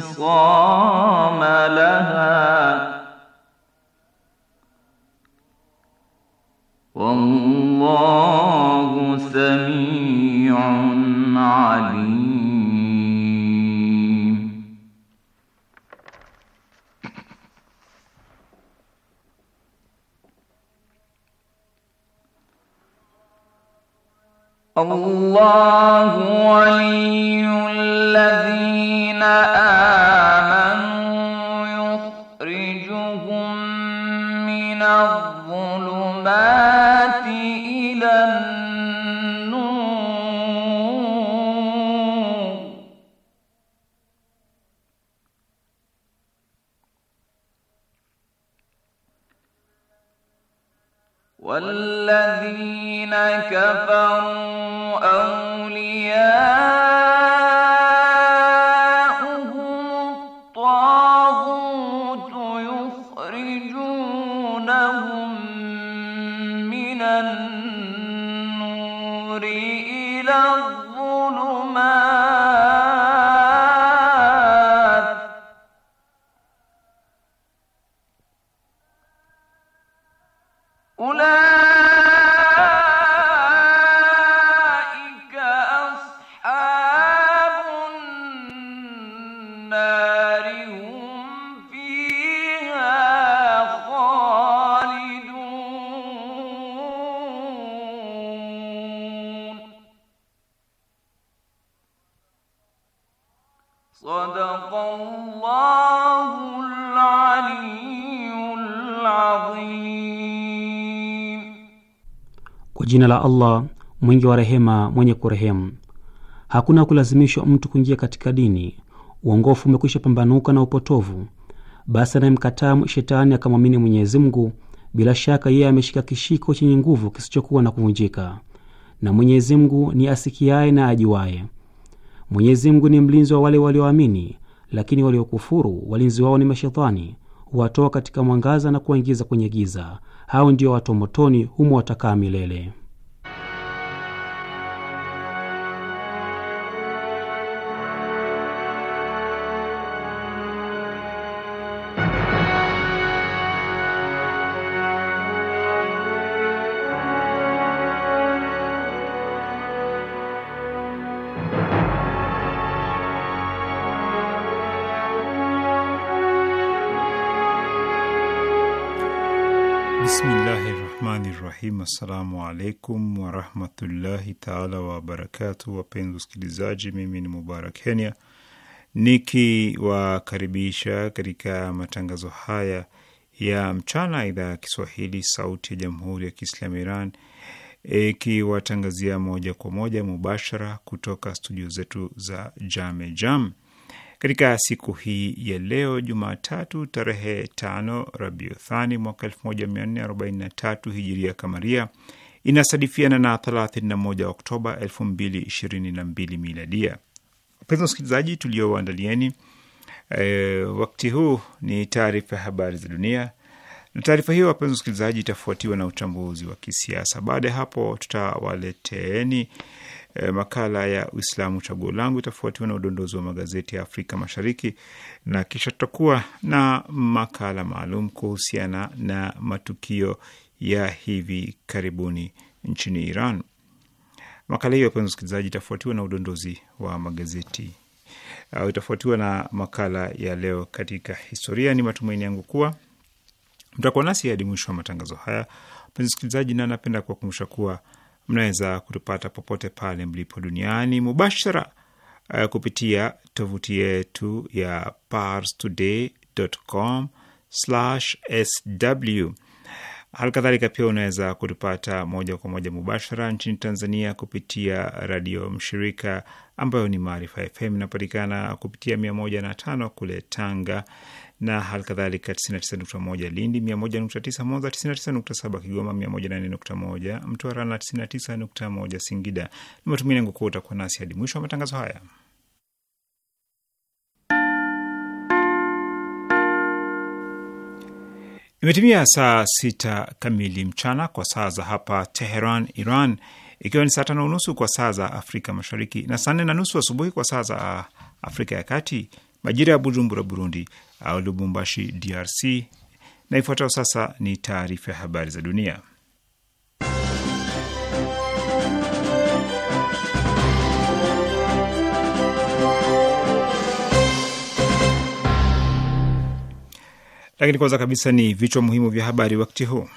صالحا Kwa jina la Allah mwingi wa rehema, mwenye kurehemu. Hakuna kulazimishwa mtu kuingia katika dini. Uongofu umekwisha pambanuka na upotovu. Basi anayemkataa shetani akamwamini Mwenyezi Mungu, bila shaka yeye ameshika kishiko chenye nguvu kisichokuwa na kuvunjika, na Mwenyezi Mungu ni asikiaye na ajuaye. Mwenyezi Mungu ni mlinzi wa wale walioamini, lakini waliokufuru walinzi wao ni mashetani, huwatoa katika mwangaza na kuwaingiza kwenye giza hao ndio watu motoni humo watakaa milele. Assalamu alaikum warahmatullahi taala wabarakatu. Wapenzi wasikilizaji, mimi ni Mubarak Kenya nikiwakaribisha katika matangazo haya ya mchana, idhaa ya Kiswahili sauti ya jamhuri ya Kiislamu Iran ikiwatangazia moja kwa moja mubashara kutoka studio zetu za Jame Jam katika siku hii ya leo Jumatatu tarehe tano Rabiuthani mwaka 1443 hijiria kamaria inasadifiana na 31 Oktoba 2022 miladia. Wapenzi wasikilizaji, tuliowaandalieni e, eh, wakti huu ni taarifa ya habari za dunia, na taarifa hiyo wapenzi wasikilizaji, itafuatiwa na uchambuzi wa kisiasa. Baada ya hapo, tutawaleteeni e, makala ya Uislamu chaguo langu itafuatiwa na udondozi wa magazeti ya Afrika Mashariki na kisha tutakuwa na makala maalum kuhusiana na matukio ya hivi karibuni nchini Iran. Makala hiyo, wapenzi wasikilizaji, itafuatiwa na udondozi wa magazeti uh, itafuatiwa na makala ya leo katika historia. Ni matumaini yangu kuwa mtakuwa nasi hadi mwisho wa matangazo haya, mpenzi msikilizaji, na napenda kuwakumbusha kuwa mnaweza kutupata popote pale mlipo duniani mubashara uh, kupitia tovuti yetu ya parstoday.com/sw. Hali kadhalika pia unaweza kutupata moja kwa moja mubashara nchini Tanzania kupitia radio mshirika ambayo ni Maarifa FM, inapatikana kupitia mia moja na tano kule Tanga na hali kadhalika 99.1 Lindi, 101.9 Mwanza, 99.7 Kigoma, 104.1 Mtwara na 99.1 Singida. Ni matumaini yangu kuwa utakuwa nasi hadi mwisho wa matangazo haya. Imetimia saa sita kamili mchana kwa saa za hapa Teheran, Iran, ikiwa ni saa tano unusu kwa saa za Afrika Mashariki na saa nne na nusu asubuhi kwa saa za Afrika ya Kati majira ya Bujumbura, Burundi, au Lubumbashi, DRC. Na ifuatayo sasa ni taarifa ya habari za dunia. Lakini kwanza kabisa ni vichwa muhimu vya habari wakati huu.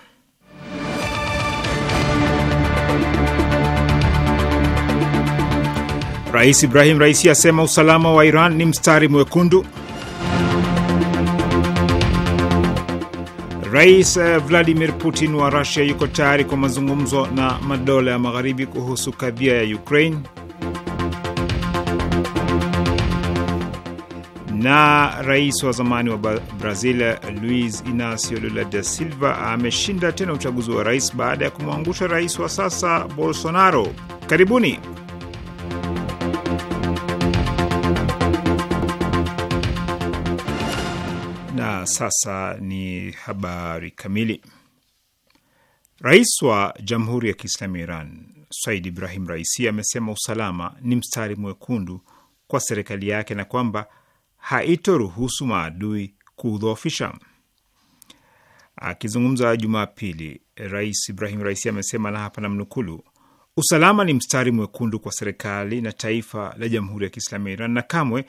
Rais Ibrahim Raisi asema usalama wa Iran ni mstari mwekundu. Rais eh, Vladimir Putin wa Rusia yuko tayari kwa mazungumzo na madola ya magharibi kuhusu kadhia ya Ukraine. Na rais wa zamani wa Brazil Luiz Inacio Lula da Silva ameshinda tena uchaguzi wa rais baada ya kumwangusha rais wa sasa Bolsonaro. Karibuni. sasa ni habari kamili. Rais wa Jamhuri ya Kiislamu ya Iran Said Ibrahim Raisi amesema usalama ni mstari mwekundu kwa serikali yake na kwamba haitoruhusu maadui kuudhoofisha. Akizungumza Jumapili, Rais Ibrahim Raisi amesema na hapa namnukulu, usalama ni mstari mwekundu kwa serikali na taifa la Jamhuri ya Kiislamu ya Iran na kamwe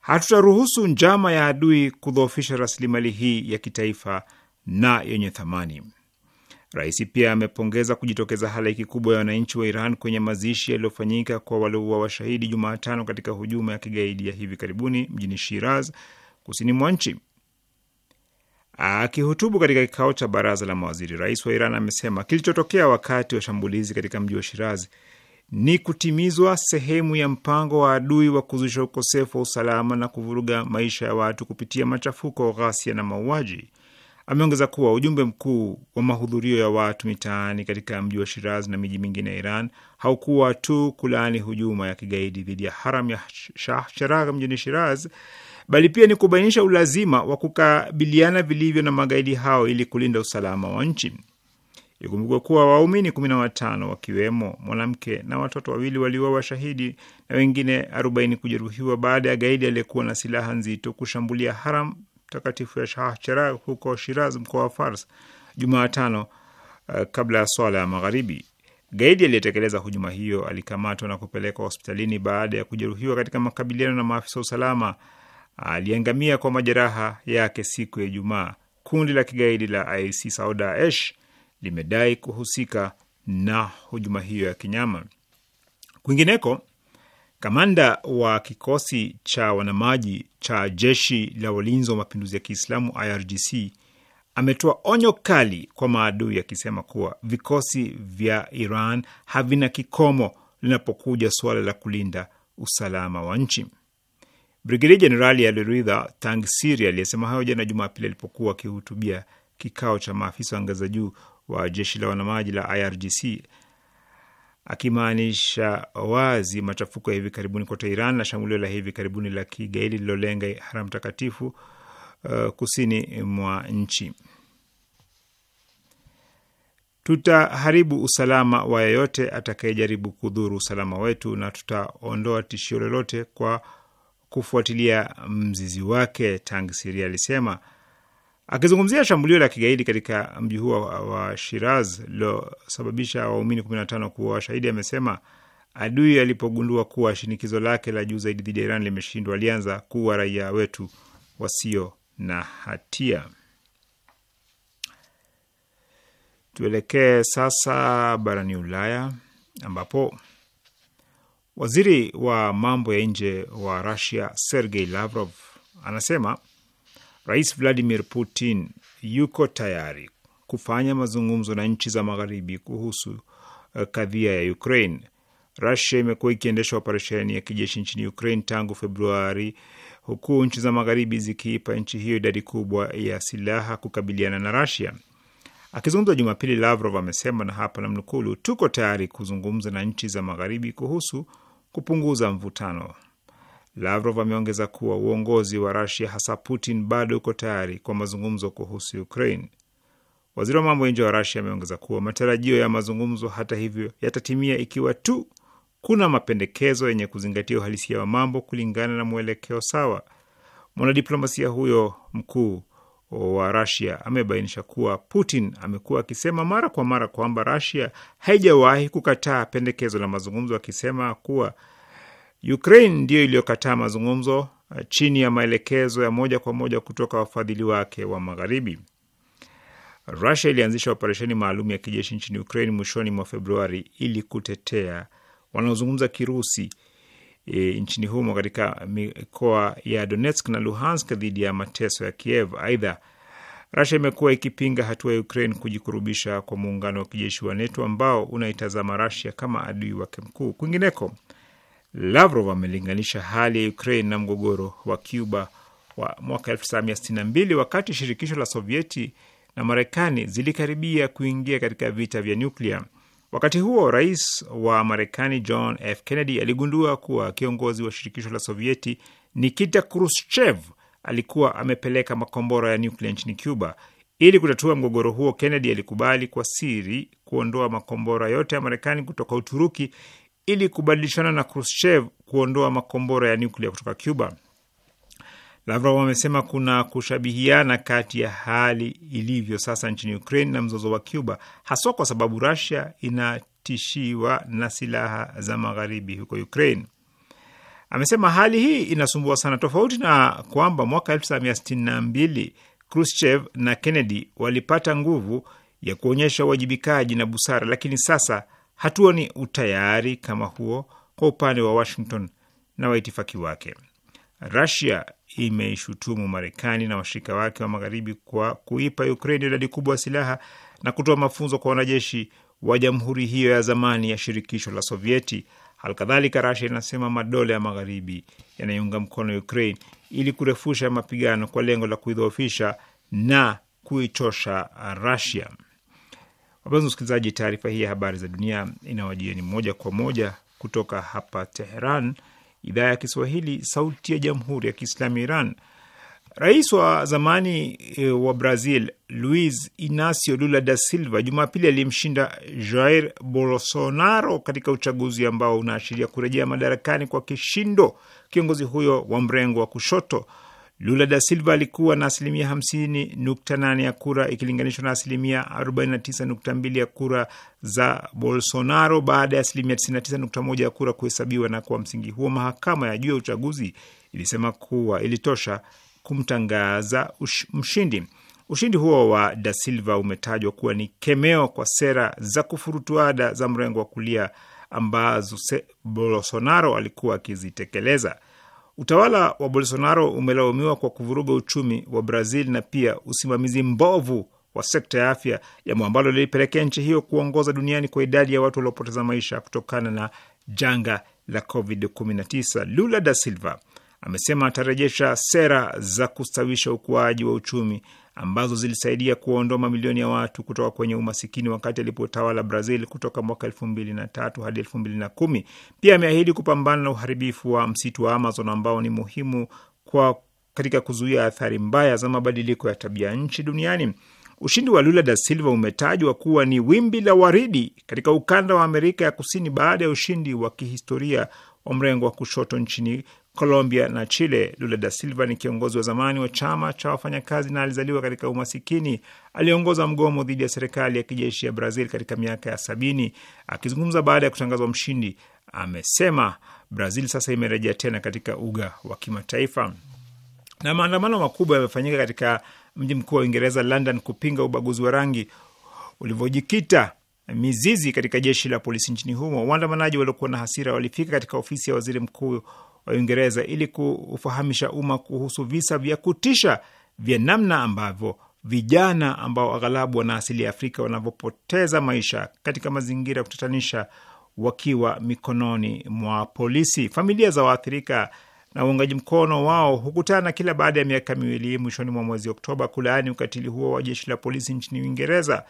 Hatutaruhusu njama ya adui kudhoofisha rasilimali hii ya kitaifa na yenye thamani. Rais pia amepongeza kujitokeza halaiki kubwa ya wananchi wa Iran kwenye mazishi yaliyofanyika kwa waliouawa washahidi Jumatano katika hujuma ya kigaidi ya hivi karibuni mjini Shiraz, kusini mwa nchi. Akihutubu katika kikao cha baraza la mawaziri, rais wa Iran amesema kilichotokea wakati wa shambulizi katika mji wa Shiraz ni kutimizwa sehemu ya mpango wa adui wa kuzusha ukosefu wa usalama na kuvuruga maisha ya watu kupitia machafuko, ghasia na mauaji. Ameongeza kuwa ujumbe mkuu wa mahudhurio ya watu mitaani katika mji wa Shiraz na miji mingine ya Iran haukuwa tu kulaani hujuma ya kigaidi dhidi ya haram ya Shah Cheragh mjini Shiraz, bali pia ni kubainisha ulazima wa kukabiliana vilivyo na magaidi hao ili kulinda usalama wa nchi. Ikumbukwe kuwa waumini 15 wakiwemo mwanamke na watoto wawili waliuawa shahidi na wengine 40 kujeruhiwa baada ya gaidi aliyekuwa na silaha nzito kushambulia haram takatifu ya Shah Cheragh huko Shiraz, mkoa wa Fars, Jumatano uh, kabla ya swala ya magharibi. Gaidi aliyetekeleza hujuma hiyo alikamatwa na kupelekwa hospitalini baada ya kujeruhiwa katika makabiliano na maafisa wa usalama. Aliangamia kwa majeraha yake siku ya Ijumaa. Kundi la kigaidi la IC Sauda Daesh limedai kuhusika na hujuma hiyo ya kinyama. Kwingineko, kamanda wa kikosi cha wanamaji cha jeshi la walinzi wa mapinduzi ya Kiislamu IRGC ametoa onyo kali kwa maadui akisema kuwa vikosi vya Iran havina kikomo linapokuja suala la kulinda usalama wa nchi. Brigedia Jenerali Aliridha Tangsiri aliyesema hayo jana Jumapili alipokuwa akihutubia kikao cha maafisa wa ngazi za juu wa jeshi la wanamaji la IRGC akimaanisha wazi machafuko ya hivi karibuni kote Iran na shambulio la hivi karibuni la kigaidi lilolenga haram takatifu uh, kusini mwa nchi. Tutaharibu usalama wa yeyote atakayejaribu kudhuru usalama wetu na tutaondoa tishio lolote kwa kufuatilia mzizi wake, Tang Siri alisema. Akizungumzia shambulio la kigaidi katika mji huo wa Shiraz lilosababisha waumini 15 kuwa washahidi, amesema adui alipogundua kuwa shinikizo lake la juu zaidi dhidi ya Iran limeshindwa, alianza kuwa raia wetu wasio na hatia. Tuelekee sasa barani Ulaya ambapo waziri wa mambo ya nje wa Rusia Sergei Lavrov anasema Rais Vladimir Putin yuko tayari kufanya mazungumzo na nchi za magharibi kuhusu uh, kadhia ya Ukraine. Rusia imekuwa ikiendesha operesheni ya kijeshi nchini Ukraine tangu Februari, huku nchi za magharibi zikiipa nchi hiyo idadi kubwa ya silaha kukabiliana na Rusia. Akizungumza Jumapili, Lavrov amesema, na hapa namnukuu, tuko tayari kuzungumza na nchi za magharibi kuhusu kupunguza mvutano Lavrov ameongeza kuwa uongozi wa Rusia, hasa Putin, bado uko tayari kwa mazungumzo kuhusu Ukraine. Waziri wa mambo ya nje wa Rusia ameongeza kuwa matarajio ya mazungumzo, hata hivyo, yatatimia ikiwa tu kuna mapendekezo yenye kuzingatia uhalisia wa mambo kulingana na mwelekeo sawa. Mwanadiplomasia huyo mkuu wa Rusia amebainisha kuwa Putin amekuwa akisema mara kwa mara kwamba Rusia haijawahi kukataa pendekezo la mazungumzo, akisema kuwa Ukraine ndiyo iliyokataa mazungumzo uh, chini ya maelekezo ya moja kwa moja kutoka wafadhili wake wa magharibi. Rusia ilianzisha operesheni maalum ya kijeshi nchini Ukraine mwishoni mwa Februari ili kutetea wanaozungumza Kirusi e, nchini humo katika mikoa ya Donetsk na Luhansk dhidi ya mateso ya Kiev. Aidha, Rusia imekuwa ikipinga hatua ya Ukraine kujikurubisha kwa muungano wa kijeshi wa NATO ambao unaitazama Rusia kama adui wake mkuu. Kwingineko, Lavrov amelinganisha hali ya Ukraine na mgogoro wa Cuba wa mwaka 1962 wakati shirikisho la Sovieti na Marekani zilikaribia kuingia katika vita vya nyuklia. Wakati huo rais wa Marekani John F. Kennedy aligundua kuwa kiongozi wa shirikisho la Sovieti Nikita Khrushchev alikuwa amepeleka makombora ya nyuklia nchini Cuba. Ili kutatua mgogoro huo, Kennedy alikubali kwa siri kuondoa makombora yote ya Marekani kutoka Uturuki ili kubadilishana na Khrushchev kuondoa makombora ya nuklia kutoka Cuba. Lavrov amesema kuna kushabihiana kati ya hali ilivyo sasa nchini Ukraine na mzozo wa Cuba, haswa kwa sababu Russia inatishiwa na silaha za magharibi huko Ukraine. Amesema hali hii inasumbua sana, tofauti na kwamba mwaka 1962 Khrushchev na Kennedy walipata nguvu ya kuonyesha uwajibikaji na busara, lakini sasa hatuoni utayari kama huo kwa upande wa Washington na waitifaki wake. Rusia imeishutumu Marekani na washirika wake wa magharibi kwa kuipa Ukraini idadi kubwa ya silaha na kutoa mafunzo kwa wanajeshi wa jamhuri hiyo ya zamani ya shirikisho la Sovieti. Halikadhalika, Rusia inasema madola ya magharibi yanayounga mkono Ukraine ili kurefusha mapigano kwa lengo la kuidhoofisha na kuichosha Rusia. Wapenzi msikilizaji, taarifa hii ya habari za dunia inawajieni moja kwa moja kutoka hapa Teheran, idhaa ya Kiswahili, sauti ya jamhuri ya kiislamu Iran. Rais wa zamani e, wa Brazil luis Inacio Lula da Silva Jumapili alimshinda Jair Bolsonaro katika uchaguzi ambao unaashiria kurejea madarakani kwa kishindo kiongozi huyo wa mrengo wa kushoto Lula da Silva alikuwa na asilimia 50.8 ya kura ikilinganishwa na asilimia 49.2 ya kura za Bolsonaro baada ya asilimia 99.1 ya kura kuhesabiwa. Na kwa msingi huo, mahakama ya juu ya uchaguzi ilisema kuwa ilitosha kumtangaza ush, mshindi. Ushindi huo wa da Silva umetajwa kuwa ni kemeo kwa sera za kufurutuada za mrengo wa kulia ambazo Bolsonaro alikuwa akizitekeleza. Utawala wa Bolsonaro umelaumiwa kwa kuvuruga uchumi wa Brazil na pia usimamizi mbovu wa sekta ya afya, jambo ambalo lilipelekea nchi hiyo kuongoza duniani kwa idadi ya watu waliopoteza maisha kutokana na janga la COVID-19. Lula da Silva amesema atarejesha sera za kustawisha ukuaji wa uchumi ambazo zilisaidia kuwaondoa mamilioni ya watu kutoka kwenye umasikini wakati alipotawala Brazil kutoka mwaka elfu mbili na tatu hadi elfu mbili na kumi. Pia ameahidi kupambana na uharibifu wa msitu wa Amazon ambao ni muhimu kwa katika kuzuia athari mbaya za mabadiliko ya tabia nchi duniani. Ushindi wa Lula da Silva umetajwa kuwa ni wimbi la waridi katika ukanda wa Amerika ya Kusini baada ya ushindi wa kihistoria wa mrengo wa kushoto nchini Colombia na Chile. Lula da Silva ni kiongozi wa zamani wa chama cha wafanyakazi na alizaliwa katika umasikini. Aliongoza mgomo dhidi ya serikali ya kijeshi ya Brazil katika miaka ya sabini. Akizungumza baada ya kutangazwa mshindi, amesema Brazil sasa imerejea tena katika uga wa kimataifa. Na maandamano makubwa yamefanyika katika mji mkuu wa Uingereza, London, kupinga ubaguzi wa rangi ulivyojikita mizizi katika jeshi la polisi nchini humo. Waandamanaji waliokuwa na hasira walifika katika ofisi ya waziri mkuu wa Uingereza ili kufahamisha umma kuhusu visa vya kutisha vya namna ambavyo vijana ambao aghalabu wana asili ya Afrika wanavyopoteza maisha katika mazingira ya kutatanisha wakiwa mikononi mwa polisi. Familia za waathirika na uungaji mkono wao hukutana kila baada ya miaka miwili mwishoni mwa mwezi Oktoba kulaani ukatili huo wa jeshi la polisi nchini Uingereza.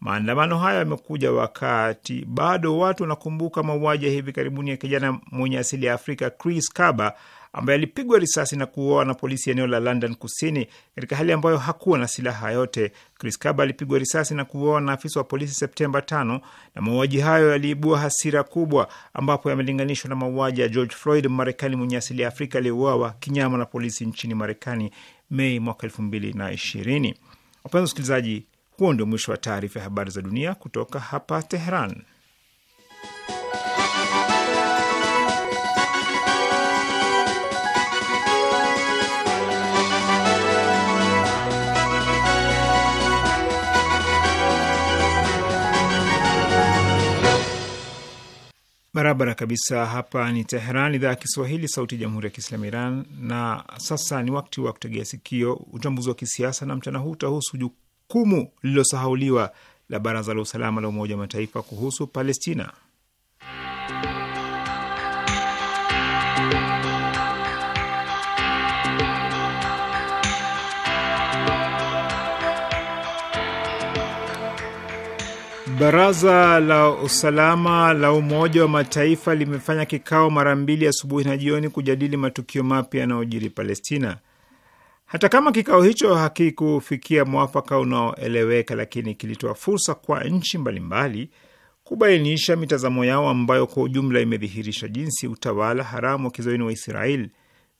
Maandamano hayo yamekuja wakati bado watu wanakumbuka mauaji ya hivi karibuni ya kijana mwenye asili ya Afrika Chris Kaba ambaye alipigwa risasi na kuuawa na polisi eneo la London Kusini katika hali ambayo hakuwa na silaha yote. Chris Kaba alipigwa risasi na kuuawa na afisa wa polisi Septemba a na mauaji hayo yaliibua hasira kubwa, ambapo yamelinganishwa na mauaji ya George Floyd, Marekani mwenye asili ya Afrika aliyeuawa kinyama na polisi nchini Marekani Mei mwaka 2020. Wapenzi wasikilizaji, huo ndio mwisho wa taarifa ya habari za dunia kutoka hapa teheran Barabara kabisa, hapa ni Teheran, idhaa ya Kiswahili, sauti ya jamhuri ya kiislamu Iran. Na sasa ni wakti wa kutegea sikio uchambuzi wa kisiasa, na mchana huu utahusu jukumu lililosahauliwa la Baraza la Usalama la Umoja wa Mataifa kuhusu Palestina. Baraza la usalama la Umoja wa Mataifa limefanya kikao mara mbili asubuhi na jioni kujadili matukio mapya yanayojiri Palestina. Hata kama kikao hicho hakikufikia mwafaka unaoeleweka, lakini kilitoa fursa kwa nchi mbalimbali kubainisha mitazamo yao ambayo kwa ujumla imedhihirisha jinsi utawala haramu wa kizoini wa israel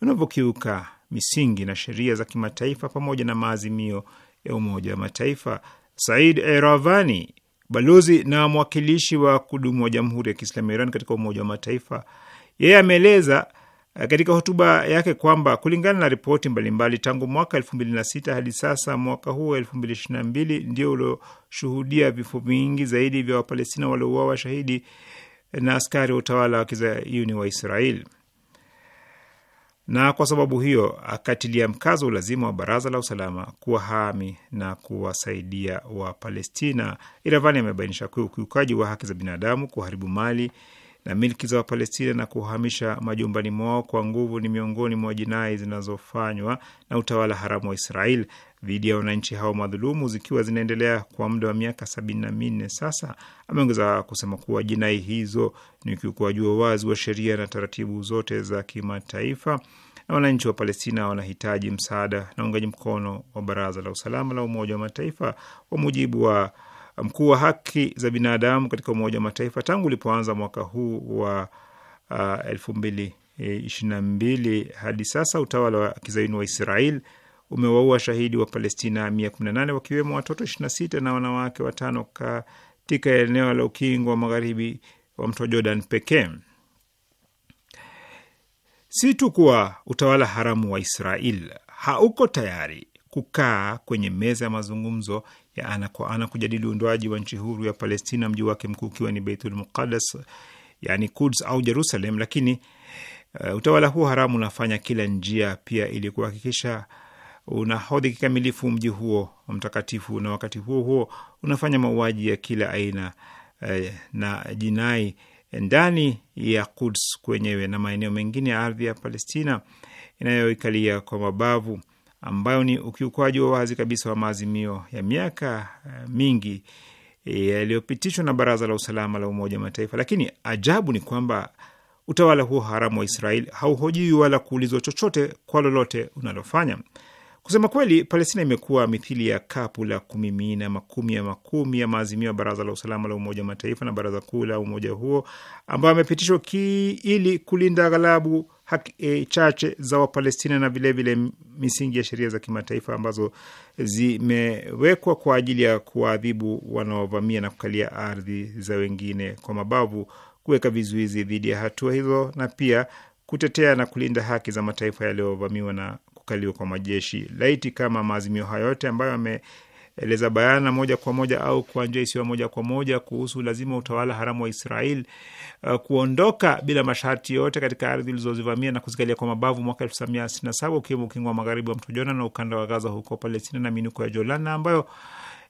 unavyokiuka misingi na sheria za kimataifa pamoja na maazimio ya Umoja wa Mataifa. Said Eravani, balozi na mwakilishi wa kudumu wa Jamhuri ya Kiislamu ya Iran katika Umoja wa Mataifa, yeye ameeleza Eh, katika hotuba yake kwamba kulingana na ripoti mbalimbali tangu mwaka sita hadi sasa mwaka huu mbili ndio ulioshuhudia vifo vingi zaidi vya Wapalestina waliouawa shahidi na askari wa utawala wa kizayuni wa Israel, na kwa sababu hiyo akatilia mkazo ulazima wa baraza la usalama kuwahami na kuwasaidia Wapalestina. Iravani amebainisha kuwa ukiukaji wa haki za binadamu, kuharibu mali na milki za Wapalestina na kuhamisha majumbani mwao kwa nguvu ni miongoni mwa jinai zinazofanywa na utawala haramu wa Israel dhidi ya wananchi hao madhulumu zikiwa zinaendelea kwa muda wa miaka sabini na minne sasa. Ameongeza kusema kuwa jinai hizo ni ukiukuaji wa wazi wa sheria na taratibu zote za kimataifa na wananchi wa Palestina wanahitaji msaada na uungaji mkono wa Baraza la Usalama la Umoja wa Mataifa kwa mujibu wa mkuu wa haki za binadamu katika Umoja wa Mataifa tangu ulipoanza mwaka huu wa uh, elfu mbili e, ishirini na mbili hadi sasa, utawala wa kizaini wa Israel umewaua shahidi wa Palestina 118 wakiwemo watoto 26 na wanawake watano katika eneo la ukingo wa magharibi wa mto Jordan pekee. Si tu kuwa utawala haramu wa Israel hauko tayari kukaa kwenye meza ya mazungumzo ya ana kwa ana kujadili uundwaji wa nchi huru ya Palestina, mji wake mkuu ukiwa ni Beitul Muqaddas, yani Kuds au Jerusalem. Lakini uh, utawala huo haramu unafanya kila njia pia ili kuhakikisha unahodhi kikamilifu mji huo mtakatifu, na wakati huo huo unafanya mauaji ya kila aina uh, na jinai ndani ya Kuds kwenyewe na maeneo mengine ya ardhi ya Palestina inayoikalia kwa mabavu ambayo ni ukiukwaji wa wazi kabisa wa maazimio ya miaka eh, mingi eh, yaliyopitishwa na Baraza la Usalama la Umoja wa Mataifa. Lakini ajabu ni kwamba utawala huo haramu wa Israel hauhojiwi wala kuulizwa chochote kwa lolote unalofanya. Kusema kweli, Palestina imekuwa mithili ya kapu la kumimina makumi ya makumi ya maazimio ya Baraza la Usalama la Umoja wa Mataifa na Baraza Kuu la umoja huo ambayo amepitishwa ili kulinda aghalabu haki e, chache za Wapalestina na vilevile vile misingi ya sheria za kimataifa ambazo zimewekwa kwa ajili ya kuwaadhibu wanaovamia na kukalia ardhi za wengine kwa mabavu, kuweka vizuizi dhidi ya hatua hizo na pia kutetea na kulinda haki za mataifa yaliyovamiwa na kukaliwa kwa majeshi. Laiti kama maazimio hayo yote ambayo yame eleza bayana moja kwa moja au kwa njia isiyo moja kwa moja kuhusu lazima utawala haramu wa Israel uh, kuondoka bila masharti yote katika ardhi ulizozivamia na kuzikalia kwa mabavu mwaka 1967 ukiwemo ukingo wa magharibi wa mto Jordan na ukanda wa Gaza huko Palestina na minuko ya Jolan na ambayo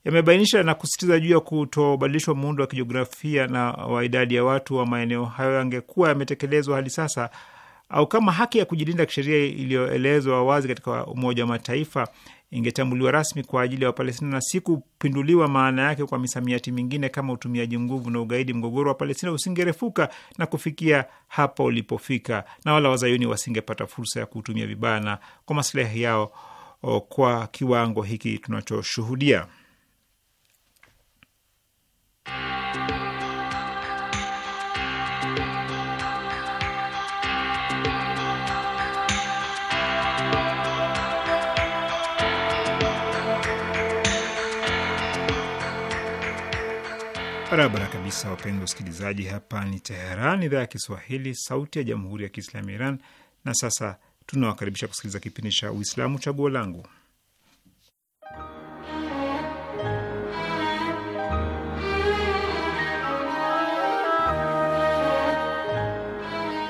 yamebainisha na kusisitiza juu ya kutobadilishwa muundo wa kijiografia na wa idadi ya watu wa maeneo hayo yangekuwa yametekelezwa hadi sasa au kama haki ya kujilinda kisheria iliyoelezwa wazi katika Umoja wa Mataifa ingetambuliwa rasmi kwa ajili ya Wapalestina na si kupinduliwa maana yake kwa misamiati mingine kama utumiaji nguvu na ugaidi, mgogoro wa Palestina usingerefuka na kufikia hapa ulipofika, na wala wazayuni wasingepata fursa ya kuutumia vibaya na kwa maslahi yao o, kwa kiwango hiki tunachoshuhudia. Barabara kabisa, wapenzi wasikilizaji, hapa ni Teheran, idhaa ya Kiswahili, sauti ya jamhuri ya kiislamu ya Iran. Na sasa tunawakaribisha kusikiliza kipindi cha Uislamu Chaguo Langu.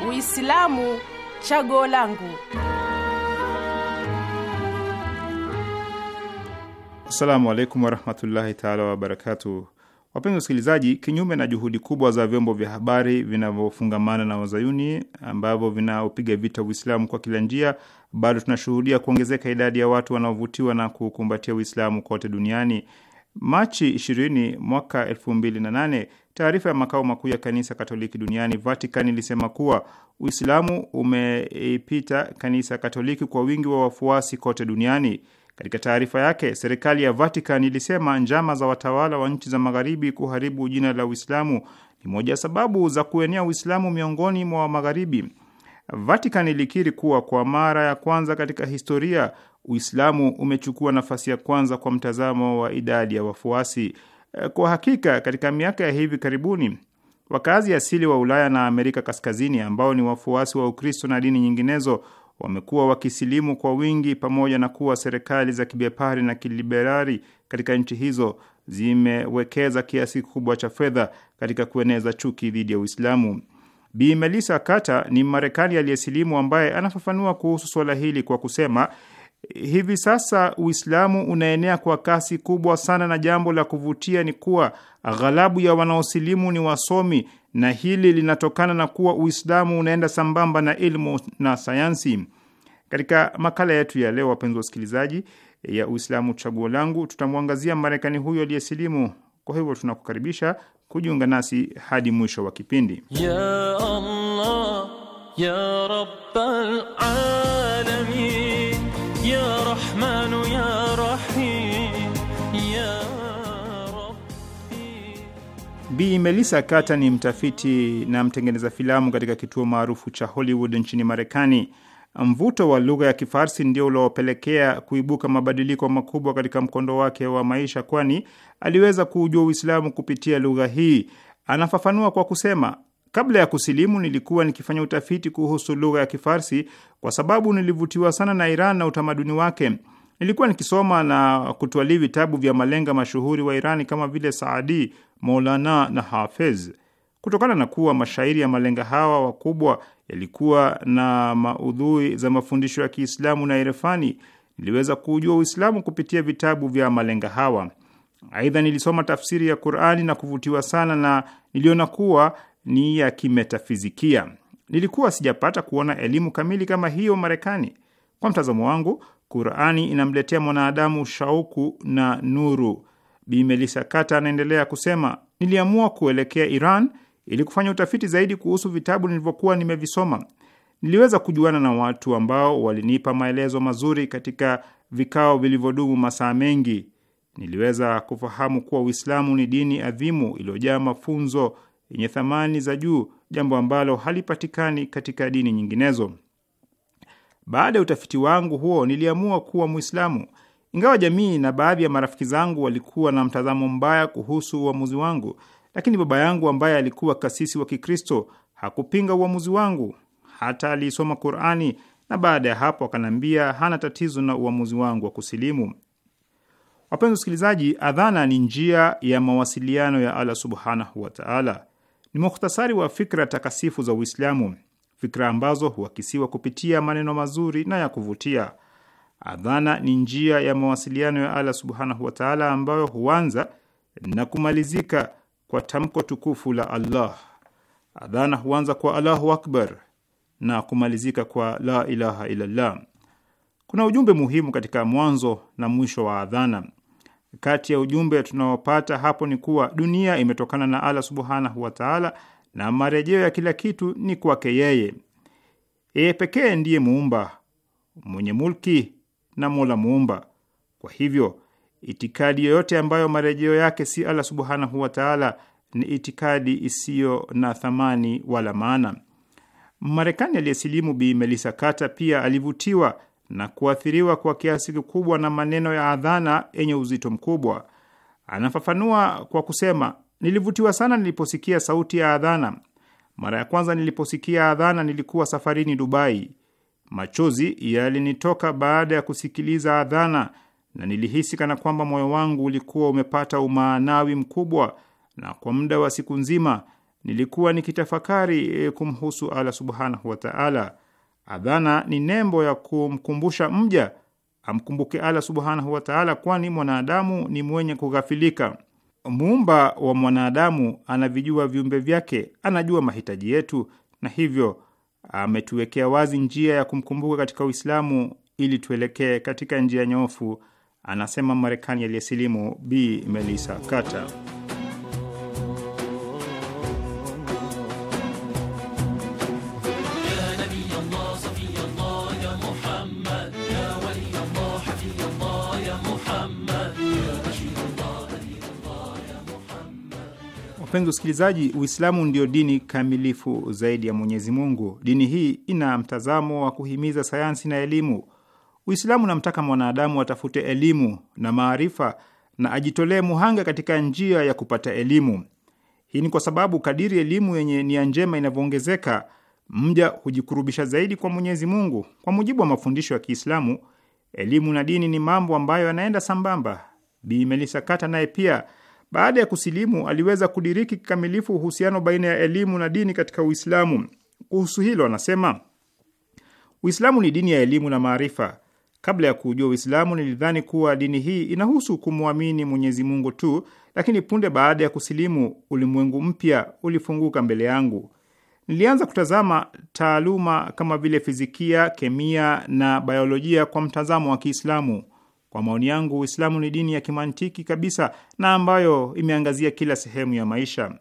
Uislamu Chaguo Langu. Assalamu alaikum warahmatullahi taala wabarakatuh. Wapenzi wasikilizaji, kinyume na juhudi kubwa za vyombo vya habari vinavyofungamana na wazayuni ambavyo vinaopiga vita Uislamu kwa kila njia, bado tunashuhudia kuongezeka idadi ya watu wanaovutiwa na kukumbatia Uislamu kote duniani. Machi 20 mwaka 2008, taarifa ya makao makuu ya kanisa Katoliki duniani Vatican ilisema kuwa Uislamu umeipita kanisa Katoliki kwa wingi wa wafuasi kote duniani. Katika taarifa yake, serikali ya Vatican ilisema njama za watawala wa nchi za magharibi kuharibu jina la Uislamu ni moja sababu za kuenea Uislamu miongoni mwa magharibi. Vatican ilikiri kuwa kwa mara ya kwanza katika historia Uislamu umechukua nafasi ya kwanza kwa mtazamo wa idadi ya wafuasi. Kwa hakika, katika miaka ya hivi karibuni wakazi asili wa Ulaya na Amerika Kaskazini ambao ni wafuasi wa Ukristo na dini nyinginezo wamekuwa wakisilimu kwa wingi, pamoja na kuwa serikali za kibepari na kiliberari katika nchi hizo zimewekeza kiasi kikubwa cha fedha katika kueneza chuki dhidi ya Uislamu. Bi Melissa Kata ni Marekani aliyesilimu ambaye anafafanua kuhusu suala hili kwa kusema hivi sasa Uislamu unaenea kwa kasi kubwa sana, na jambo la kuvutia ni kuwa ghalabu ya wanaosilimu ni wasomi na hili linatokana na kuwa Uislamu unaenda sambamba na elimu na sayansi. Katika makala yetu ya leo, wapenzi wasikilizaji, ya Uislamu chaguo langu, tutamwangazia Marekani huyo aliyesilimu. Kwa hivyo tunakukaribisha kujiunga nasi hadi mwisho wa kipindi ya Allah, ya Rabbal alamin, ya Bi Melissa Carter ni mtafiti na mtengeneza filamu katika kituo maarufu cha Hollywood nchini Marekani. Mvuto wa lugha ya Kifarsi ndio uliopelekea kuibuka mabadiliko makubwa katika mkondo wake wa maisha, kwani aliweza kuujua Uislamu kupitia lugha hii. Anafafanua kwa kusema, kabla ya kusilimu nilikuwa nikifanya utafiti kuhusu lugha ya Kifarsi kwa sababu nilivutiwa sana na Iran na utamaduni wake. Nilikuwa nikisoma na kutwalii vitabu vya malenga mashuhuri wa Irani kama vile Saadi, Maulana na Hafez. Kutokana na kuwa mashairi ya malenga hawa wakubwa yalikuwa na maudhui za mafundisho ya Kiislamu na irefani, niliweza kujua Uislamu kupitia vitabu vya malenga hawa. Aidha, nilisoma tafsiri ya Qurani na kuvutiwa sana na niliona kuwa ni ya kimetafizikia. Nilikuwa sijapata kuona elimu kamili kama hiyo Marekani. Kwa mtazamo wangu, Qurani inamletea mwanadamu shauku na nuru. Bimelisa Kata anaendelea kusema, niliamua kuelekea Iran ili kufanya utafiti zaidi kuhusu vitabu nilivyokuwa nimevisoma. Niliweza kujuana na watu ambao walinipa maelezo mazuri katika vikao vilivyodumu masaa mengi. Niliweza kufahamu kuwa Uislamu ni dini adhimu iliyojaa mafunzo yenye thamani za juu, jambo ambalo halipatikani katika dini nyinginezo. Baada ya utafiti wangu huo, niliamua kuwa Mwislamu, ingawa jamii na baadhi ya marafiki zangu walikuwa na mtazamo mbaya kuhusu uamuzi wangu, lakini baba yangu ambaye alikuwa kasisi wa Kikristo hakupinga uamuzi wangu, hata aliisoma Qurani na baada ya hapo akanambia hana tatizo na uamuzi wangu wa kusilimu. Wapenzi wasikilizaji, adhana ni njia ya mawasiliano ya Allah subhanahu wataala. Ni mukhtasari wa fikra takasifu za Uislamu fikra ambazo huakisiwa kupitia maneno mazuri na ya kuvutia. Adhana ni njia ya mawasiliano ya Allah subhanahu wataala, ambayo huanza na kumalizika kwa tamko tukufu la Allah. Adhana huanza kwa Allahu akbar na kumalizika kwa la ilaha illallah. Kuna ujumbe muhimu katika mwanzo na mwisho wa adhana. Kati ya ujumbe tunaopata hapo ni kuwa dunia imetokana na Allah subhanahu wataala na marejeo ya kila kitu ni kwake yeye. Yeye pekee ndiye muumba, mwenye mulki na mola muumba. Kwa hivyo itikadi yoyote ambayo marejeo yake si Allah subhanahu wa taala ni itikadi isiyo na thamani wala maana. Marekani aliyesilimu Bi Melissa Carter pia alivutiwa na kuathiriwa kwa kiasi kikubwa na maneno ya adhana yenye uzito mkubwa. Anafafanua kwa kusema Nilivutiwa sana niliposikia sauti ya adhana. Mara ya kwanza niliposikia adhana nilikuwa safarini Dubai. Machozi yalinitoka baada ya kusikiliza adhana na nilihisi kana kwamba moyo wangu ulikuwa umepata umaanawi mkubwa, na kwa muda wa siku nzima nilikuwa nikitafakari e, kumhusu Allah subhanahu wataala Adhana ni nembo ya kumkumbusha mja amkumbuke Allah subhanahu wataala kwani mwanadamu ni mwenye kughafilika muumba wa mwanadamu anavijua viumbe vyake, anajua mahitaji yetu, na hivyo ametuwekea wazi njia ya kumkumbuka katika Uislamu ili tuelekee katika njia nyofu, anasema Marekani aliyesilimu Bi Melissa Carter. Mpenzi usikilizaji, Uislamu ndio dini kamilifu zaidi ya Mwenyezi Mungu. Dini hii ina mtazamo wa kuhimiza sayansi na elimu. Uislamu unamtaka mwanadamu atafute elimu na maarifa na ajitolee muhanga katika njia ya kupata elimu. Hii ni kwa sababu kadiri elimu yenye nia njema inavyoongezeka, mja hujikurubisha zaidi kwa Mwenyezi Mungu. Kwa mujibu wa mafundisho ya Kiislamu, elimu na dini ni mambo ambayo yanaenda sambamba. Bi Kata naye pia baada ya kusilimu, aliweza kudiriki kikamilifu uhusiano baina ya elimu na dini katika Uislamu. Kuhusu hilo anasema, Uislamu ni dini ya elimu na maarifa. Kabla ya kujua Uislamu nilidhani kuwa dini hii inahusu kumwamini Mwenyezi Mungu tu, lakini punde baada ya kusilimu, ulimwengu mpya ulifunguka mbele yangu. Nilianza kutazama taaluma kama vile fizikia, kemia na biolojia kwa mtazamo wa Kiislamu. Kwa maoni yangu, Uislamu ni dini ya kimantiki kabisa na ambayo imeangazia kila sehemu ya maisha.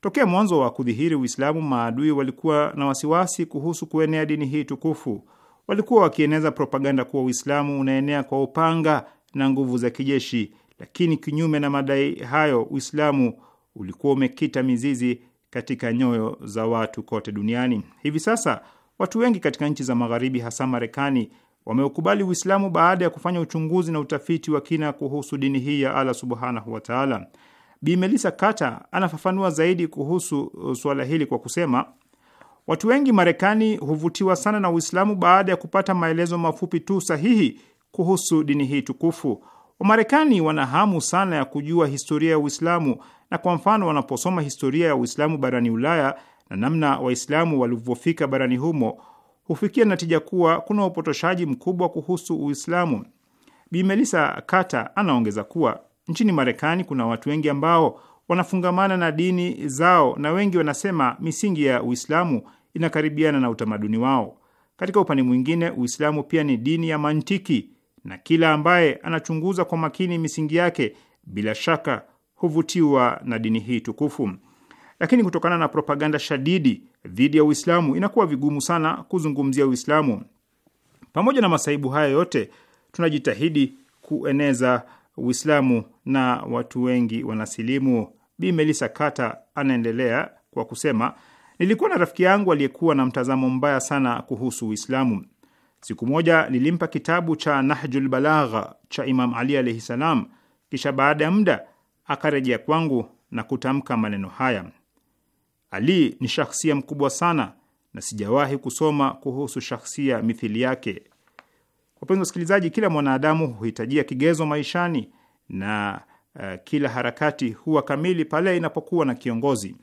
Tokea mwanzo wa kudhihiri Uislamu, maadui walikuwa na wasiwasi kuhusu kuenea dini hii tukufu. Walikuwa wakieneza propaganda kuwa Uislamu unaenea kwa upanga na nguvu za kijeshi, lakini kinyume na madai hayo, Uislamu ulikuwa umekita mizizi katika nyoyo za watu kote duniani. Hivi sasa watu wengi katika nchi za Magharibi, hasa Marekani, wameukubali Uislamu baada ya kufanya uchunguzi na utafiti wa kina kuhusu dini hii ya Allah subhanahu wataala. Bi Melissa Kata anafafanua zaidi kuhusu uh, suala hili kwa kusema, watu wengi Marekani huvutiwa sana na Uislamu baada ya kupata maelezo mafupi tu sahihi kuhusu dini hii tukufu. Wamarekani wana hamu sana ya kujua historia ya Uislamu, na kwa mfano, wanaposoma historia ya Uislamu barani Ulaya na namna Waislamu walivyofika barani humo hufikia natija kuwa kuna upotoshaji mkubwa kuhusu Uislamu. Bi Melissa Kata anaongeza kuwa nchini Marekani kuna watu wengi ambao wanafungamana na dini zao na wengi wanasema misingi ya Uislamu inakaribiana na utamaduni wao. Katika upande mwingine, Uislamu pia ni dini ya mantiki na kila ambaye anachunguza kwa makini misingi yake bila shaka huvutiwa na dini hii tukufu lakini kutokana na propaganda shadidi dhidi ya Uislamu inakuwa vigumu sana kuzungumzia Uislamu. Pamoja na masaibu haya yote, tunajitahidi kueneza Uislamu na watu wengi wanasilimu. Bi Melissa Kata anaendelea kwa kusema, nilikuwa na rafiki yangu aliyekuwa na mtazamo mbaya sana kuhusu Uislamu. Siku moja nilimpa kitabu cha Nahjul Balagha cha Imam Ali alaihi salam, kisha baada ya muda akarejea kwangu na kutamka maneno haya: ali ni shakhsia mkubwa sana na sijawahi kusoma kuhusu shakhsia mithili yake. Wapenzi wasikilizaji, kila mwanadamu huhitajia kigezo maishani na uh, kila harakati huwa kamili pale inapokuwa na kiongozi.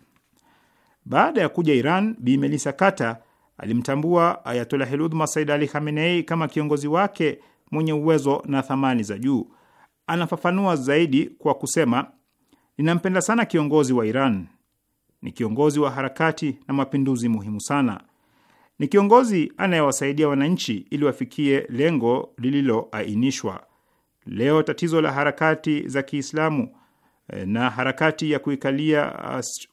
Baada ya kuja Iran, Bi Melissa Kata alimtambua Ayatollah Hiludhma Said Ali Khamenei kama kiongozi wake mwenye uwezo na thamani za juu. Anafafanua zaidi kwa kusema, ninampenda sana kiongozi wa Iran ni kiongozi wa harakati na mapinduzi muhimu sana. Ni kiongozi anayewasaidia wananchi ili wafikie lengo lililoainishwa. Leo tatizo la harakati za Kiislamu eh, na harakati ya kuikalia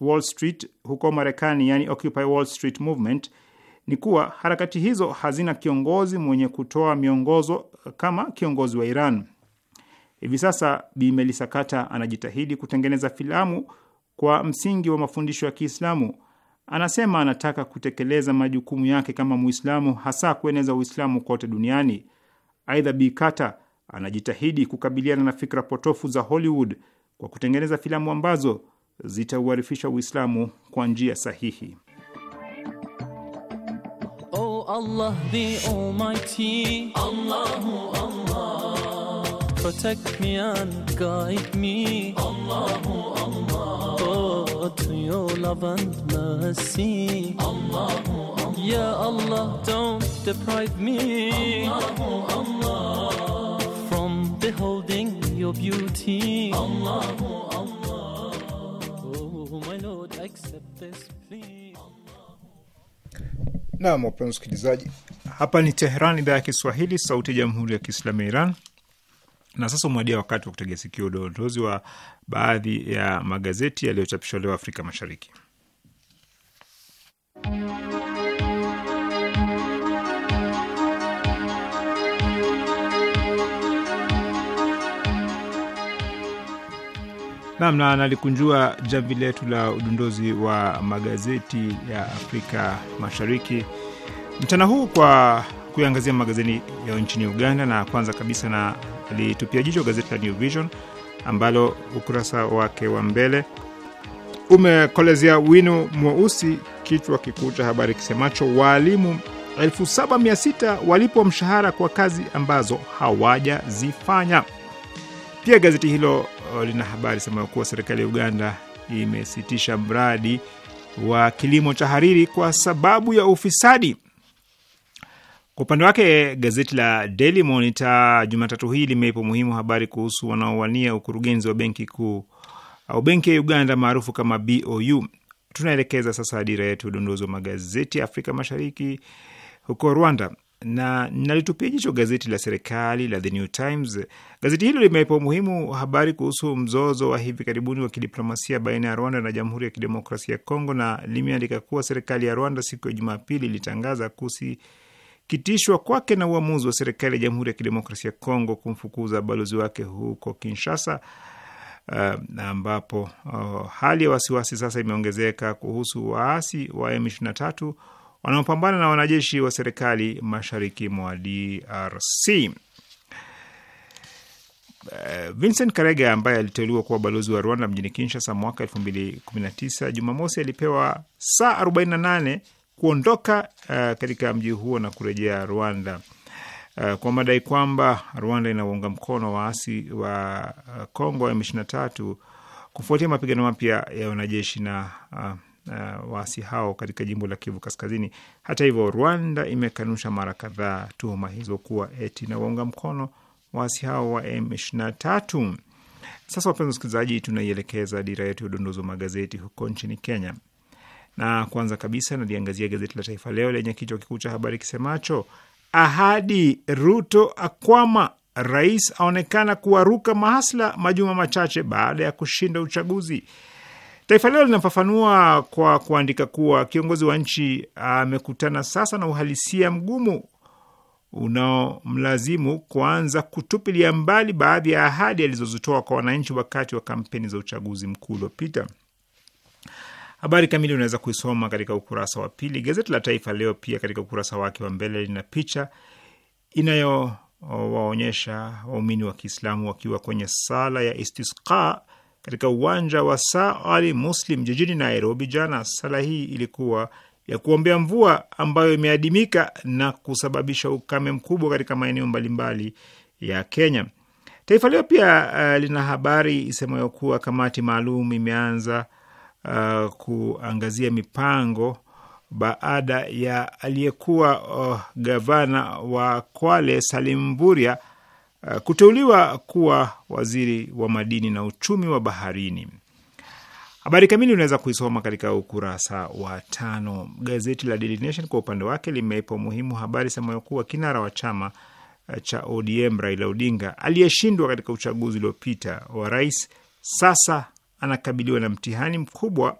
uh, Wall Street huko Marekani, yani Occupy Wall Street Movement, ni kuwa harakati hizo hazina kiongozi mwenye kutoa miongozo eh, kama kiongozi wa Iran. Hivi sasa Bi anajitahidi kutengeneza filamu kwa msingi wa mafundisho ya Kiislamu. Anasema anataka kutekeleza majukumu yake kama Muislamu, hasa kueneza Uislamu kote duniani. Aidha, Bikata anajitahidi kukabiliana na fikra potofu za Hollywood kwa kutengeneza filamu ambazo zitauarifisha Uislamu kwa njia sahihi. Oh Allah atıyor lavandası Allahu Allah Ya Allah don't deprive me Allahu Allah From beholding your beauty Allahu Allah Oh my Lord accept this Naam wapenzi hapa ni Tehran idhaa ya Kiswahili sauti ya Jamhuri ya Kiislamu ya Iran na sasa umewadia wakati wa kutegea sikio udondozi wa baadhi ya magazeti yaliyochapishwa leo Afrika Mashariki. Nam na nalikunjua jamvi letu la udondozi wa magazeti ya Afrika Mashariki mchana huu kwa kuiangazia magazeti ya nchini Uganda, na kwanza kabisa na alitupia jicho gazeti la New Vision ambalo ukurasa wake wa mbele umekolezea wino mweusi kichwa kikuu cha habari kisemacho waalimu 7600 walipwa mshahara kwa kazi ambazo hawajazifanya. Pia gazeti hilo uh, lina habari sema kuwa serikali ya Uganda imesitisha mradi wa kilimo cha hariri kwa sababu ya ufisadi. Kwa upande wake gazeti la Daily Monitor Jumatatu hii limeipa umuhimu habari kuhusu wanaowania ukurugenzi wa benki kuu au benki ya Uganda maarufu kama BOU. Tunaelekeza sasa dira yetu udondozi wa magazeti ya Afrika Mashariki huko Rwanda, na nalitupia jicho gazeti la serikali la The New Times. Gazeti hilo limeipa umuhimu habari kuhusu mzozo wa hivi karibuni wa kidiplomasia baina ya Rwanda na Jamhuri ya Kidemokrasia ya Kongo, na limeandika kuwa serikali ya Rwanda siku ya Jumapili ilitangaza kusi kitishwa kwake na uamuzi wa serikali ya Jamhuri ya Kidemokrasia ya Kongo kumfukuza balozi wake huko Kinshasa, uh, ambapo uh, hali ya wasiwasi sasa imeongezeka kuhusu waasi wa M23 wanaopambana na wanajeshi wa serikali mashariki mwa DRC. Uh, Vincent Karega ambaye aliteuliwa kuwa balozi wa Rwanda mjini Kinshasa mwaka 2019, Jumamosi alipewa saa 48 kuondoka uh, katika mji huo na kurejea Rwanda uh, kwa madai kwamba Rwanda inaunga mkono waasi wa uh, Kongo wa M23 kufuatia mapigano mapya ya wanajeshi na uh, Uh, waasi hao katika jimbo la Kivu Kaskazini. Hata hivyo, Rwanda imekanusha mara kadhaa tuhuma hizo kuwa eti na mkono waasi hao wa M23. Sasa wapenzi wasikilizaji, tunaielekeza dira yetu ya udondozi wa magazeti huko nchini Kenya na kwanza kabisa naliangazia gazeti la Taifa Leo lenye kichwa kikuu cha habari kisemacho ahadi Ruto akwama, rais aonekana kuwaruka mahasla majuma machache baada ya kushinda uchaguzi. Taifa Leo linafafanua kwa kuandika kuwa kiongozi wa nchi amekutana sasa na uhalisia mgumu unaomlazimu kuanza kutupilia mbali baadhi ya ahadi alizozitoa kwa wananchi wakati wa kampeni za uchaguzi mkuu uliopita. Habari kamili unaweza kuisoma katika ukurasa wa pili. Gazeti la Taifa Leo pia katika ukurasa wake wa mbele lina picha inayowaonyesha waumini wa Kiislamu wakiwa kwenye sala ya istisqa katika uwanja wa Sir Ali Muslim jijini Nairobi jana. Sala hii ilikuwa ya kuombea mvua ambayo imeadimika na kusababisha ukame mkubwa katika maeneo mbalimbali ya Kenya. Taifa Leo pia uh, lina habari isemayo kuwa kamati maalum imeanza uh, kuangazia mipango baada ya aliyekuwa uh, gavana wa Kwale Salim Mburia uh, kuteuliwa kuwa waziri wa madini na uchumi wa baharini. Habari kamili unaweza kuisoma katika ukurasa wa tano. Gazeti la Daily Nation kwa upande wake limeipa umuhimu habari semayo kuwa kinara wa chama uh, cha ODM Raila Odinga aliyeshindwa katika uchaguzi uliopita wa rais sasa anakabiliwa na mtihani mkubwa.